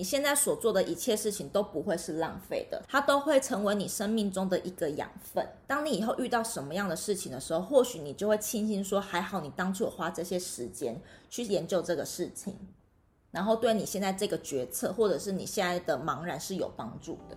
你現在所做的一切事情都不會是浪費的，它都會成為你生命中的一個養分。當你以後遇到什麼樣的事情的時候，或許你就會慶幸說，還好你當初有花這些時間去研究這個事情，然後對你現在這個決策或者是你現在的茫然是有幫助的。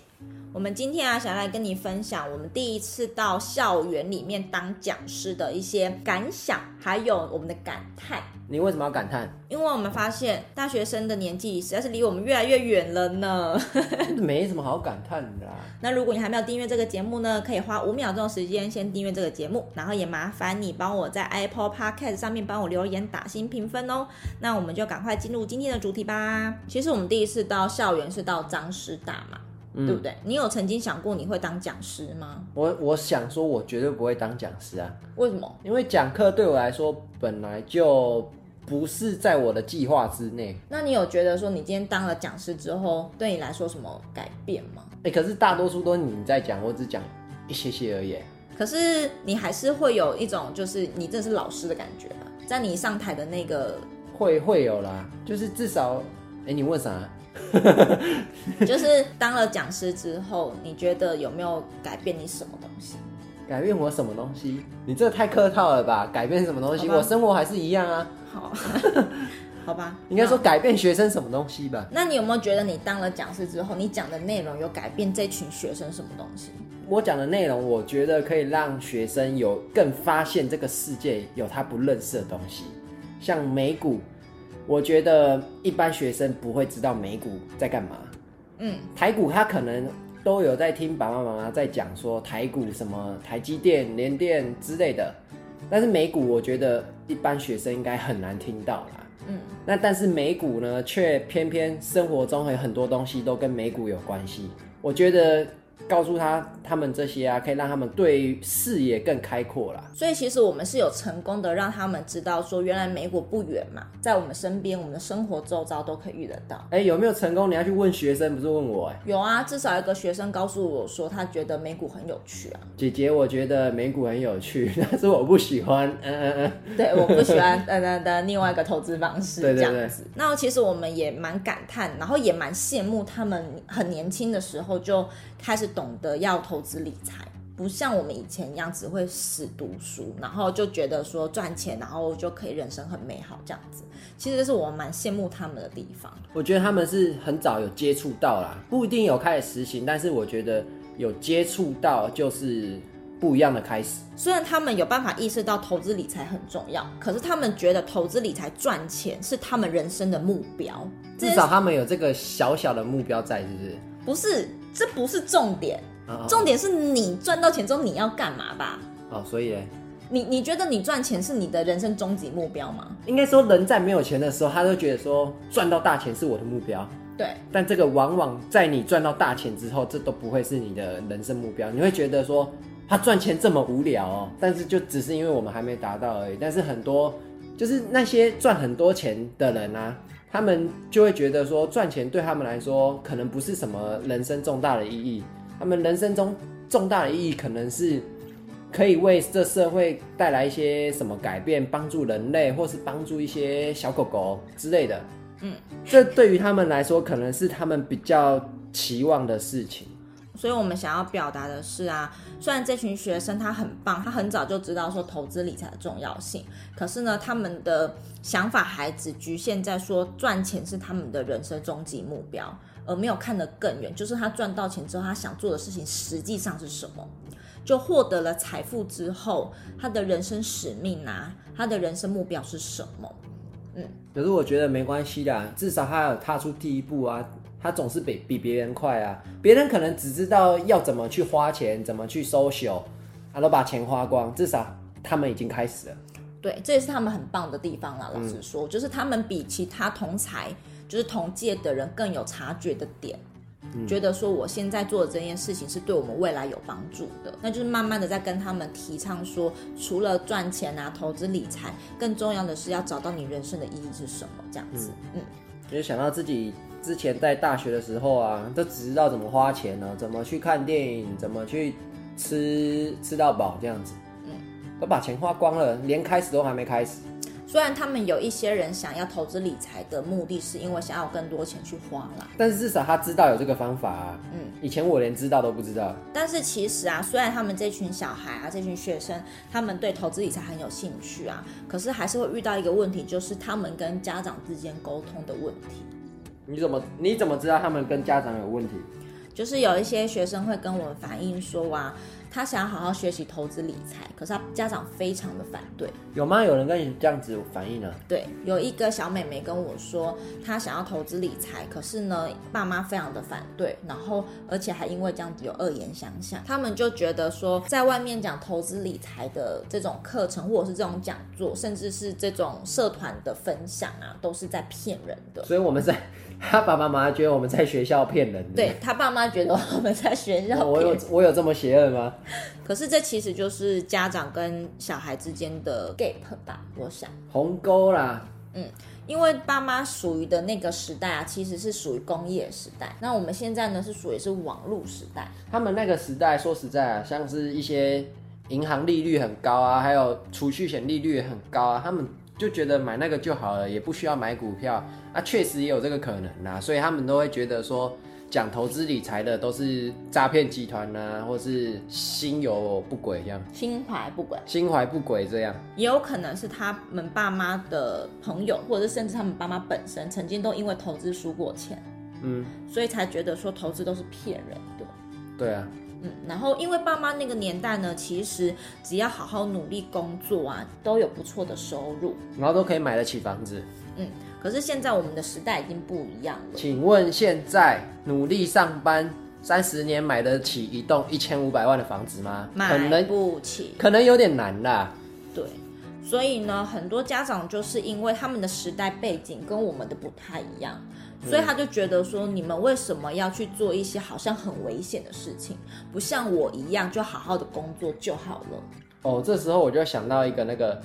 我們今天啊，想要來跟你分享我們第一次到校園裡面當講師的一些感想，還有我們的感嘆。你為什麼要感嘆？因為我們發現大學生的年紀實在是離我們越來越遠了呢。 沒什麼好感嘆的啦。那如果你還沒有訂閱這個節目呢，可以花五秒鐘的時間先訂閱這個節目，然後也麻煩你幫我在 Apple Podcast 上面幫我留言打星評分哦。那我們就趕快進入今天的主題吧。其實我們第一次到校園是到彰師大嘛。對不對？嗯、你有曾經想過你會當講師嗎？我我想說，我絕對不會當講師啊。為什麼？因為講課對我來說本來就不是在我的計劃之內。那你有覺得說，你今天當了講師之後，對你來說什麼改變嗎？哎、欸，可是大多數都是你在講，我只講一些些而已。可是你還是會有一種，就是你真的是老師的感覺吧？在你上台的那個會會有啦，就是至少，哎、欸，你問啥？ 就是當了講師之後，你覺得有沒有改變你什麼東西？改變我什麼東西？你這太客套了吧！改變什麼東西？吧我生活還是一樣啊。好， 好吧。應該說改變學生什麼東西吧？好那你有沒有覺得你當了講師之後，你講的內容有改變這群學生什麼東西？我講的內容，我覺得可以讓學生有更發現這個世界有他不認識的東西，像美股。我覺得一般學生不會知道美股在幹嘛，嗯，台股他可能都有在聽爸爸媽媽在講說台股什麼台積電、聯電之類的，但是美股我覺得一般學生應該很難聽到啦，嗯，那但是美股呢，卻偏偏生活中有很多東西都跟美股有關係，我覺得。告訴他他們這些啊，可以讓他們對視野更開闊啦。所以其實我們是有成功的讓他們知道，說原來美股不遠嘛，在我們身邊，我們的生活周遭都可以遇得到。哎、欸，有沒有成功？你要去問學生，不是問我、欸？哎，有啊，至少有個學生告訴我說，他覺得美股很有趣啊。姐姐，我覺得美股很有趣，但是我不喜歡。嗯嗯嗯， 對，我不喜歡。嗯嗯嗯，另外一個投資方式，對對對，這樣子。對對對，那其實我們也蠻感嘆，然後也蠻羨慕他們，很年輕的時候就開始。懂得要投資理財，不像我們以前一樣只會死讀書，然後就覺得說賺錢，然後就可以人生很美好這樣子。其實這是我蠻羨慕他們的地方。我覺得他們是很早有接觸到啦，不一定有開始實行，但是我覺得有接觸到就是不一樣的開始。雖然他們有辦法意識到投資理財很重要，可是他們覺得投資理財賺錢是他們人生的目標。至少他們有這個小小的目標在，是不是？不是。這不是重點，重點是你賺到錢之後你要幹嘛吧？哦，所以你你覺得你賺錢是你的人生終極目標嗎？應該說，人在沒有錢的時候，他都覺得說賺到大錢是我的目標。對，但這個往往在你賺到大錢之後，這都不會是你的人生目標。你會覺得說，他賺錢這麼無聊，哦，但是就只是因為我們還沒達到而已。但是很多就是那些賺很多錢的人啊。他們就會覺得說，賺錢對他們來說可能不是什麼人生重大的意義。他們人生中重大的意義可能是可以為這社會帶來一些什麼改變，幫助人類，或是幫助一些小狗狗之類的。嗯，這對於他們來說，可能是他們比較期望的事情。所以，我們想要表達的是啊，雖然這群學生他很棒，他很早就知道說投資理財的重要性，可是呢，他們的想法還只局限在說賺錢是他們的人生終極目標，而沒有看得更遠。就是他賺到錢之後，他想做的事情實際上是什麼？就獲得了財富之後，他的人生使命啊，他的人生目標是什麼？嗯，可是我覺得沒關係的，至少他有踏出第一步啊。他總是比比別人快啊！別人可能只知道要怎麼去花錢，怎麼去 social 他都把錢花光。至少他們已經開始了。對，這也是他們很棒的地方啦。嗯、老實說，就是他們比其他同儕，就是同屆的人更有察覺的點，嗯、覺得說我現在做的這件事情是對我們未來有幫助的。那就是慢慢的在跟他們提倡說，除了賺錢啊、投資理財，更重要的是要找到你人生的意義是什麼這樣子。嗯，就是、嗯、想到自己。之前在大學的時候啊，都只知道怎麼花錢呢啊，怎麼去看電影，怎麼去吃吃到飽這樣子。嗯，都把錢花光了，連開始都還沒開始。雖然他們有一些人想要投資理財的目的是因為想要更多錢去花啦，但是至少他知道有這個方法啊。嗯，以前我連知道都不知道。但是其實啊，雖然他們這群小孩啊，這群學生，他們對投資理財很有興趣啊，可是還是會遇到一個問題，就是他們跟家長之間溝通的問題。你怎麼你怎麼知道他們跟家長有問題？就是有一些學生會跟我們反映說啊，他想要好好學習投資理財，可是他家長非常的反對。有嗎？有人跟你這樣子反映呢？對，有一個小妹妹跟我說，她想要投資理財，可是呢，爸媽非常的反對，然後而且還因為這樣子有惡言相向。他們就覺得說，在外面講投資理財的這種課程，或者是這種講座，甚至是這種社團的分享啊，都是在騙人的。所以我們在。他爸爸媽媽覺得我們在學校騙人。對，他爸媽覺得我們在學校騙人。我。我有我有這麼邪惡嗎？ 可是這其實就是家長跟小孩之間的 gap 吧，我想。鴻溝啦。嗯，因為爸媽屬於的那個時代啊，其實是屬於工業時代。那我們現在呢，是屬於是網絡時代。他們那個時代，說實在啊，像是一些銀行利率很高啊，還有儲蓄險利率也很高啊，他們。就覺得買那個就好了，也不需要買股票啊，確實也有這個可能吶、啊，所以他們都會覺得說，講投資理財的都是詐騙集團啊，或是心有不軌這樣，心懷不軌，心懷不軌這樣，這樣也有可能是他們爸媽的朋友，或者是甚至他們爸媽本身曾經都因為投資輸過錢，嗯，所以才覺得說投資都是騙人的，對啊。嗯，然後因為爸媽那個年代呢，其實只要好好努力工作啊，都有不錯的收入，然後都可以買得起房子。嗯，可是現在我們的時代已經不一樣了。請問現在努力上班三十年買得起一棟一千五百萬的房子嗎？買不起可，可能有點難啦。對，所以呢，嗯，很多家長就是因為他們的時代背景跟我們的不太一樣。所以他就覺得說，你們為什麼要去做一些好像很危險的事情？不像我一樣，就好好的工作就好了。哦，這時候我就想到一個那個，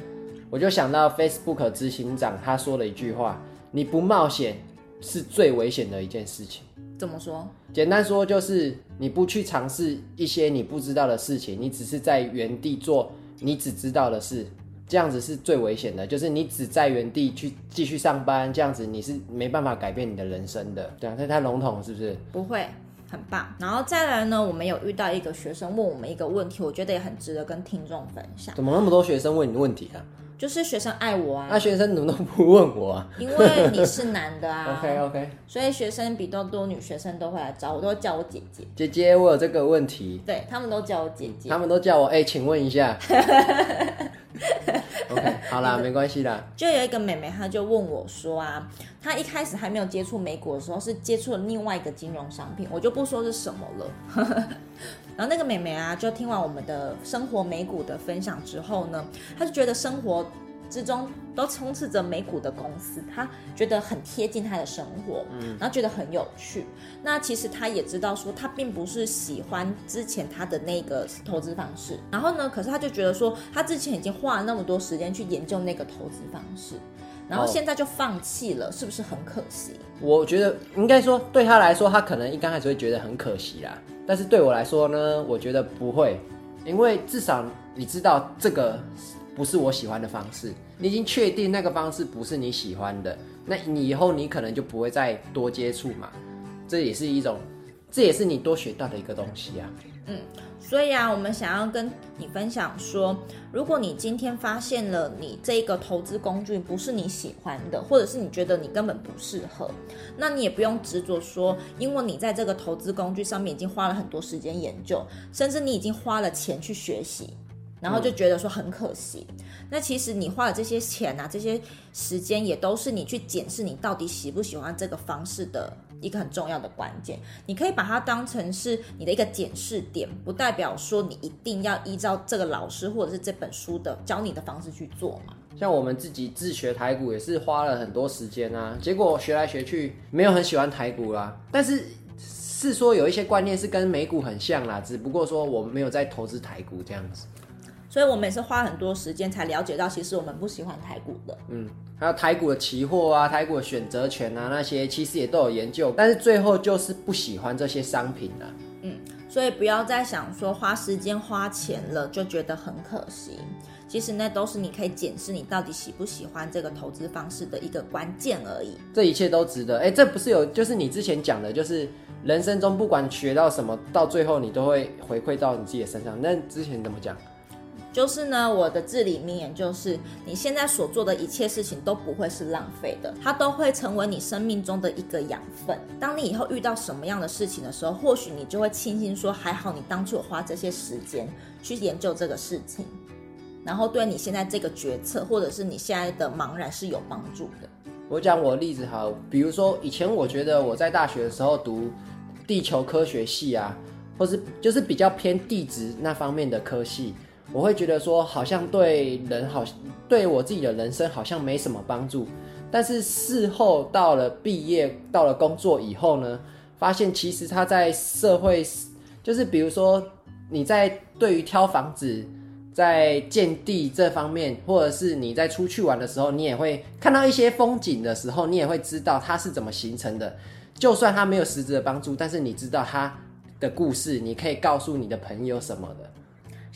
我就想到 Facebook 執行長他說了一句話：“你不冒險是最危險的一件事情。”怎麼說？簡單說就是你不去嘗試一些你不知道的事情，你只是在原地做你只知道的事。這樣子是最危險的，就是你只在原地去繼續上班，這樣子你是沒辦法改變你的人生的。對啊，這太籠統是不是？不會，很棒。然後再來呢，我們有遇到一個學生問我們一個問題，我覺得也很值得跟聽眾分享。怎麼那麼多學生問你的問題啊？就是學生愛我啊。那、啊、學生怎麼都不問我、啊？因為你是男的啊。 OK OK。所以學生比多多女學生都會來找我，都叫我姐姐。姐姐，我有這個問題。對，他們都叫我姐姐。他們都叫我哎，、欸，請問一下。 那個、好啦，沒關係啦。就有一個妹妹，她就問我說啊，她一開始還沒有接觸美股的時候，是接觸了另外一個金融商品，我就不說是什麼了。 然後那個妹妹啊，就聽完我們的生活美股的分享之後呢，她就覺得生活。之中都充斥着美股的公司，他覺得很貼近他的生活，嗯，然後覺得很有趣。嗯、那其實他也知道說，他並不是喜歡之前他的那個投資方式。然後呢，可是他就覺得說，他之前已經花了那麼多時間去研究那個投資方式，然後現在就放棄了，哦、是不是很可惜？我覺得應該說對他來說，他可能一剛開始會覺得很可惜啦。但是對我來說呢，我覺得不會，因為至少你知道這個。不是我喜歡的方式，你已經確定那個方式不是你喜歡的，那你以後你可能就不會再多接觸嘛。這也是一種，這也是你多學到的一個東西啊。嗯，所以啊，我們想要跟你分享說，如果你今天發現了你這個投資工具不是你喜歡的，或者是你覺得你根本不適合，那你也不用執着說，因為你在這個投資工具上面已經花了很多時間研究，甚至你已經花了錢去學習。然後就覺得說很可惜，那其實你花的這些錢啊，這些時間也都是你去檢視你到底喜不喜歡這個方式的一個很重要的關鍵。你可以把它當成是你的一個檢視點，不代表說你一定要依照這個老師或者是這本書的教你的方式去做嘛。像我們自己自學台股也是花了很多時間啊，結果學來學去沒有很喜歡台股啦，但是是說有一些觀念是跟美股很像啦，只不過說我們沒有在投資台股這樣子。所以，我們也是花很多時間才了解到，其實我們不喜歡台股的。嗯，還有台股的期貨啊，台股的選擇權啊，那些其實也都有研究，但是最後就是不喜歡這些商品了，啊。嗯，所以不要再想說花時間花錢了，就覺得很可惜。其實那都是你可以檢視你到底喜不喜歡這個投資方式的一個關鍵而已。這一切都值得。哎、欸，這不是有就是你之前講的，就是人生中不管學到什麼，到最後你都會回饋到你自己的身上。那之前怎麼講？就是呢，我的至理名言就是：你現在所做的一切事情都不會是浪費的，它都會成為你生命中的一個養分。當你以後遇到什麼樣的事情的時候，或許你就會慶幸說：還好你當初有花這些時間去研究這個事情，然後對你現在這個決策或者是你現在的茫然是有幫助的。我講我的例子哈，比如說以前我覺得我在大學的時候讀地球科學系啊，或是就是比較偏地質那方面的科系。我會覺得說，好像對人好，對我自己的人生好像沒什麼幫助。但是事後到了畢業，到了工作以後呢，發現其實他在社會，就是比如說你在對於挑房子、在建地這方面，或者是你在出去玩的時候，你也會看到一些風景的時候，你也會知道它是怎麼形成的。就算它沒有實質的幫助，但是你知道它的故事，你可以告訴你的朋友什麼的。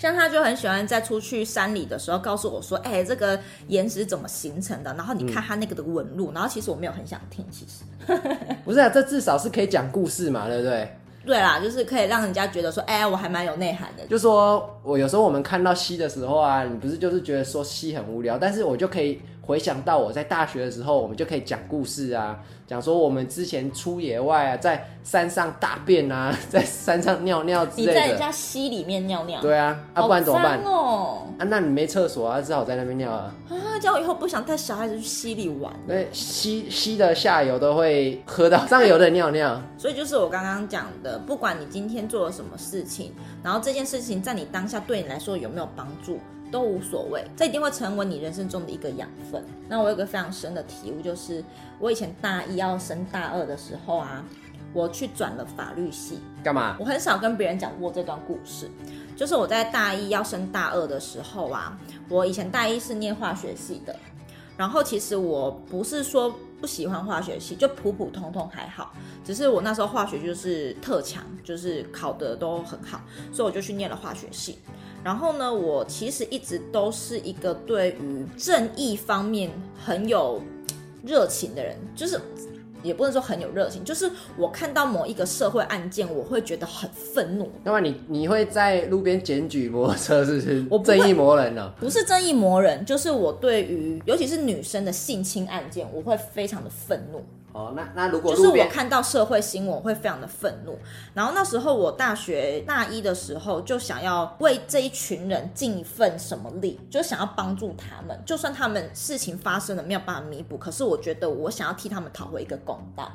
像他就很喜歡在出去山裡的時候告訴我說：“欸，這個岩石是怎麼形成的？然後你看它那個的紋路。嗯、然後其實我沒有很想聽，其實 不是啊，這至少是可以講故事嘛，對不對？對啦，就是可以讓人家覺得說：欸，我還蠻有內涵的。就說我有時候我們看到溪的時候啊，你不是就是覺得說溪很無聊，但是我就可以。”回想到我在大學的時候，我們就可以講故事啊，講說我們之前出野外啊，在山上大便啊，在山上尿尿之類的。你在人家溪裡面尿尿？對啊，啊好不然怎麼辦？哦，啊那你沒廁所啊，只好在那邊尿啊。啊，叫我以後不想帶小孩子去溪裡玩啊。那溪溪的下游都會喝到上游的尿尿。所以就是我剛剛講的，不管你今天做了什麼事情，然後這件事情在你當下對你來說有沒有幫助？都無所謂，這一定會成為你人生中的一個養分。那我有一個非常深的體悟，就是我以前大一要升大二的時候啊，我去轉了法律系。幹嘛？我很少跟別人講過這段故事，就是我在大一要升大二的時候啊，我以前大一是念化學系的，然後其實我不是說。不喜歡化學系，就普普通通還好。只是我那時候化學就是特強，就是考得都很好，所以我就去念了化學系。然後呢，我其實一直都是一個對於正義方面很有熱情的人，就是。也不能說很有熱情，就是我看到某一個社會案件，我會覺得很憤怒。那麼你你會在路邊檢舉摩托車，是不是？我不會正義魔人呢、啊？不是正義魔人，就是我對於尤其是女生的性侵案件，我會非常的憤怒。哦，oh, 那那如果就是我看到社會新聞會非常的憤怒，然後那時候我大學大一的時候就想要為這一群人盡一份什麼力，就想要幫助他們，就算他們事情發生了沒有辦法彌補，可是我覺得我想要替他們討回一個公道，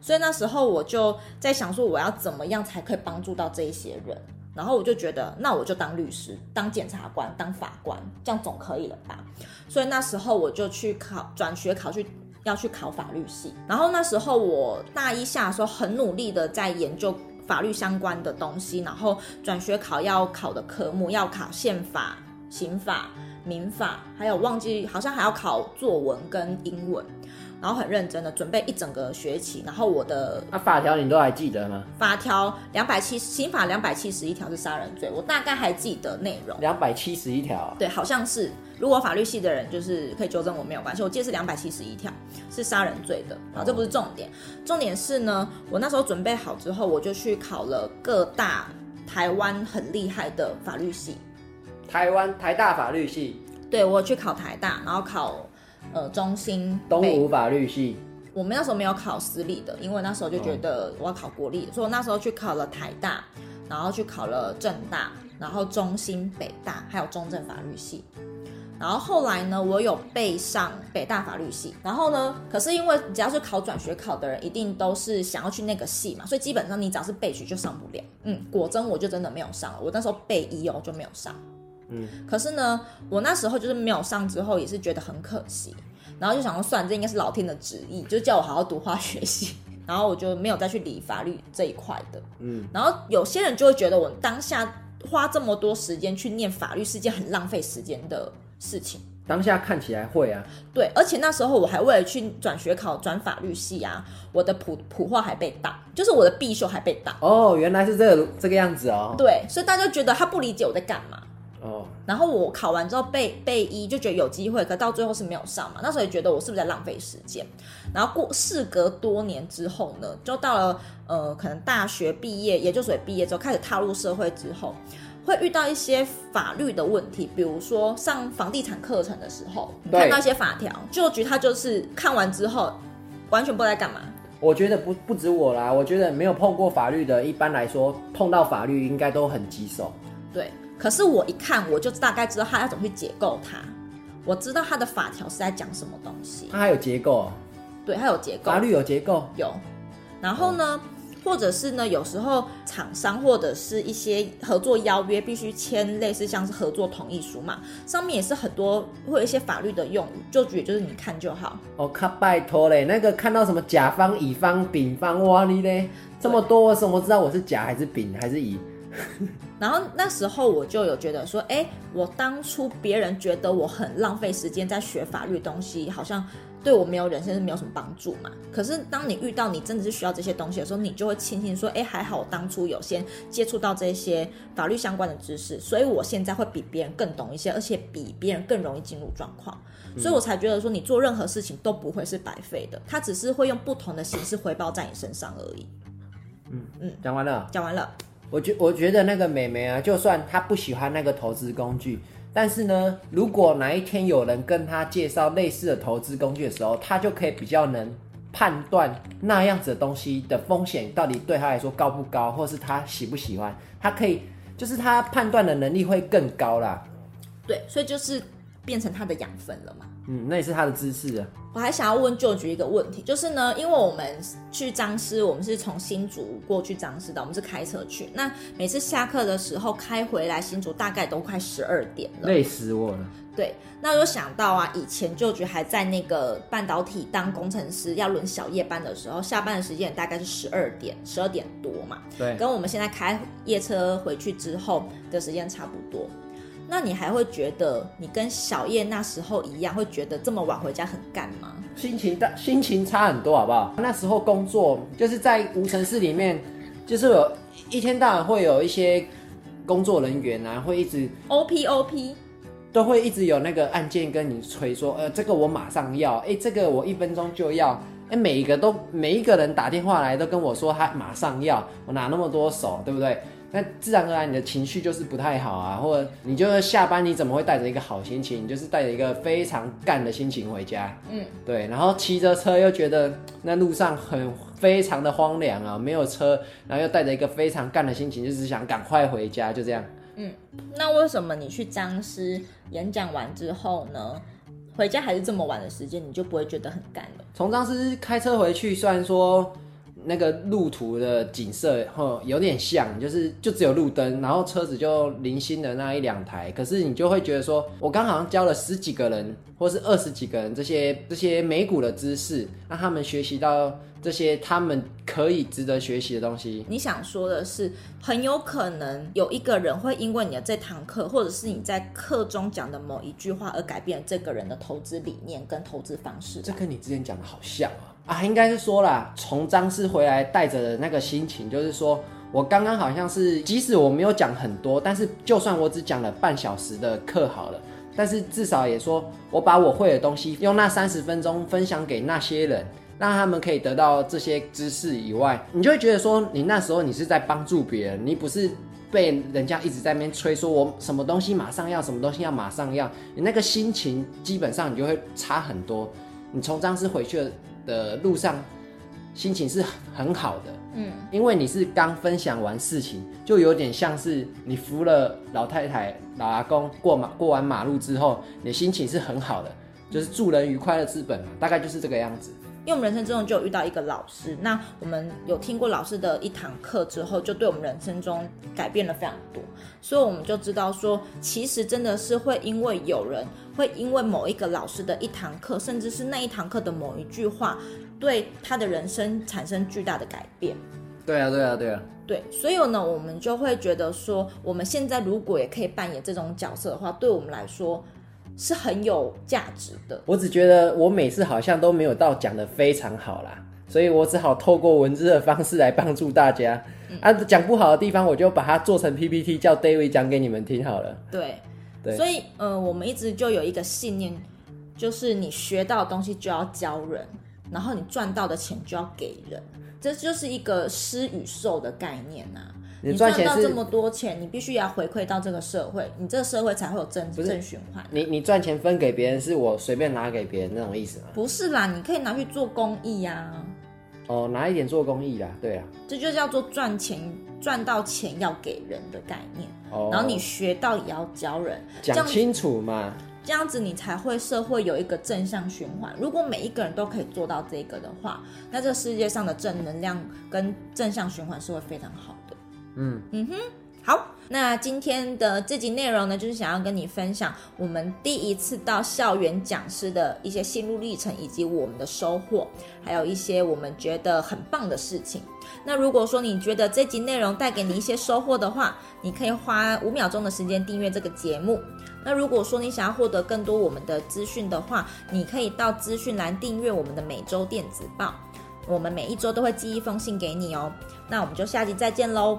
所以那時候我就在想說我要怎麼樣才可以幫助到這一些人，然後我就覺得那我就當律師、當檢察官、當法官，這樣總可以了吧？所以那時候我就去考轉學考去。要去考法律系。然後那時候我大一下的時候很努力的在研究法律相關的東西，然後轉學考要考的科目，要考憲法、刑法、民法，還有忘記，好像還要考作文跟英文。然後很認真的準備一整個學期，然後我的那、啊、法條你都還記得呢？法條兩百七，刑法兩百七十一條是殺人罪，我大概還記得內容。兩百七十一條、啊，對，好像是。如果法律系的人就是可以糾正我，沒有關係。我記得是兩百七十一條，是殺人罪的。然後，這不是重點，哦、重點是呢，我那時候準備好之後，我就去考了各大台灣很厲害的法律系。台灣台大法律系，對，我去考台大，然後考。呃，中興、東吳法律系，我們那時候沒有考私立的，因為那時候就覺得我要考國立，哦、所以我那時候去考了台大，然後去考了政大，然後中興、北大，還有中正法律系。然後後來呢，我有備上北大法律系。然後呢，可是因為只要是考轉學考的人，一定都是想要去那個系嘛，所以基本上你只要是備取就上不了。嗯，果真我就真的沒有上了，我那時候備一哦就沒有上。嗯，可是呢，我那時候就是沒有上之後，也是覺得很可惜，然後就想說算，算這應該是老天的旨意，就叫我好好讀化學系，然後我就沒有再去理法律這一塊的。嗯，然後有些人就會覺得我當下花這麼多時間去念法律是件很浪費時間的事情。當下看起來會啊，對，而且那時候我還為了去轉學考轉法律系啊，我的普普化還被擋，就是我的必修還被擋。哦，原來是這個、這個樣子哦。對，所以大家就覺得他不理解我在幹嘛。然後我考完之後背背一就覺得有機會，可到最後是沒有上嘛。那時候也覺得我是不是在浪費時間。然後過事隔多年之後呢，就到了呃，可能大學畢業、研究所畢業之後，開始踏入社會之後，會遇到一些法律的問題。比如說上房地產課程的時候，對看到一些法條，就覺得他就是看完之後完全不知道幹嘛。我覺得不不止我啦，我覺得沒有碰過法律的，一般來說碰到法律應該都很棘手。對。可是我一看，我就大概知道他要怎麼去解構他。我知道他的法條是在講什麼東西。他還有結構啊，還有結構，對，他有結構。法律有結構，有。然後呢，嗯，或者是呢，有時候廠商或者是一些合作邀約，必須簽類似像是合作同意書嘛，上面也是很多會有一些法律的用語，就覺得就是你看就好。哦，看，拜託嘞，那個看到什麼甲方、乙方、丙方哇你嘞！對這麼多，我怎麼知道我是甲還是丙還是乙？ 然後那時候我就有覺得說，哎、欸，我當初別人覺得我很浪費時間在學法律東西，好像對我沒有人生是沒有什麼幫助嘛。可是當你遇到你真的是需要這些東西的時候，你就會慶幸說，哎、欸，還好我當初有先接觸到這些法律相關的知識，所以我現在會比別人更懂一些，而且比別人更容易進入狀況。嗯、所以我才覺得說，你做任何事情都不會是白費的，它只是會用不同的形式回報在你身上而已。嗯嗯，講完了，嗯、講完了。我覺我覺得那個美眉啊，就算她不喜歡那個投資工具，但是呢，如果哪一天有人跟她介紹類似的投資工具的時候，她就可以比較能判斷那樣子的東西的風險到底對她來說高不高，或是她喜不喜歡，她可以就是她判斷的能力會更高啦。對，所以就是變成她的養分了嘛。嗯，那也是他的姿勢啊。我還想要問 George 一個問題，就是呢，因為我們去彰師，我們是從新竹過去彰師的，我們是開車去。那每次下課的時候開回來，新竹大概都快十二點了，累死我了。對，那我就想到啊，以前 George 還在那個半導體當工程師，要輪小夜班的時候，下班的時間大概是十二點，十二點多嘛。對，跟我們現在開夜車回去之後的時間差不多。那你還會覺得你跟小葉那時候一樣，會覺得這麼晚回家很幹嗎？心情差，心情差很多，好不好？那時候工作就是在無塵室裡面，就是有一天到晚會有一些工作人員啊，會一直 OP OP，都會一直有那個案件跟你催說，呃，這個我馬上要，哎、欸，這個我一分鐘就要、欸，每一個都每一個人打電話來都跟我說他馬上要，我拿那麼多手，對不對？那自然而然，你的情緒就是不太好啊，或者你就是下班，你怎麼會帶着一個好心情？你就是帶着一個非常乾的心情回家。嗯，對，然後騎着車又覺得那路上很非常的荒涼啊，沒有車，然後又帶着一個非常乾的心情，就是想趕快回家，就這樣。嗯，那為什麼你去彰師演講完之後呢，回家還是這麼晚的時間，你就不會覺得很乾了？從彰師開車回去，雖然說。那個路途的景色，吼，有點像，就是就只有路燈，然後車子就零星的那一兩台，可是你就會覺得說，我剛好像教了十幾個人，或是二十幾個人，這些這些美股的知識，讓他們學習到這些他們可以值得學習的東西。你想說的是，很有可能有一個人會因為你的這堂課，或者是你在課中講的某一句話，而改變這個人的投資理念跟投資方式啊。這跟你之前講的好像啊。啊，應該是說啦，從講師回來帶着的那個心情，就是說我剛剛好像是，即使我沒有講很多，但是就算我只講了半小時的課好了，但是至少也說我把我會的東西用那三十分鐘分享給那些人，讓他們可以得到這些知識以外，你就會覺得說，你那時候你是在幫助別人，你不是被人家一直在那邊催說，我什麼東西馬上要，什麼東西要馬上要，你那個心情基本上你就會差很多。你從講師回去的。的路上，心情是很好的。嗯，因為你是剛分享完事情，就有點像是你扶了老太太、老阿公過馬過完馬路之後，你心情是很好的，就是助人愉快的資本嘛，嗯，大概就是這個樣子。因為我們人生之中就有遇到一個老師，那我們有聽過老師的一堂課之後，就對我們人生中改變了非常多，所以我們就知道說，其實真的是會因為有人會因為某一個老師的一堂課，甚至是那一堂課的某一句話，對他的人生產生巨大的改變。對啊，對啊，對啊，對。所以呢，我們就會覺得說，我們現在如果也可以扮演這種角色的話，對我們來說，是很有價值的。我只覺得我每次好像都沒有到講得非常好啦，所以我只好透過文字的方式來幫助大家。嗯、啊，講不好的地方，我就把它做成 PPT，叫 David 講給你們聽好了。對，對，所以，呃，我們一直就有一個信念，就是你學到東西就要教人，然後你賺到的錢就要給人，這就是一個施與受的概念啊。你賺到這麼多錢，你，錢你必須要回饋到這個社會，你這個社會才會有正是正循環。你你賺錢分給別人，是我隨便拿給別人那種意思嗎？不是啦，你可以拿去做公益呀，啊。哦，拿一點做公益啦，對啊。這就叫做賺錢，賺到錢要給人的概念。哦。然後你學到也要教人，講清楚嘛這。這樣子你才會社會有一個正向循環。如果每一個人都可以做到這個的話，那這個世界上的正能量跟正向循環是會非常好。嗯嗯哼，好，那今天的這集內容呢，就是想要跟你分享我們第一次到校園講師的一些心路歷程，以及我們的收穫，還有一些我們覺得很棒的事情。那如果說你覺得這集內容帶給你一些收穫的話，你可以花五秒鐘的時間訂閱這個節目。那如果說你想要獲得更多我們的資訊的話，你可以到資訊欄訂閱我們的每周電子報，我們每一周都會寄一封信給你哦。那我們就下集再見嘍。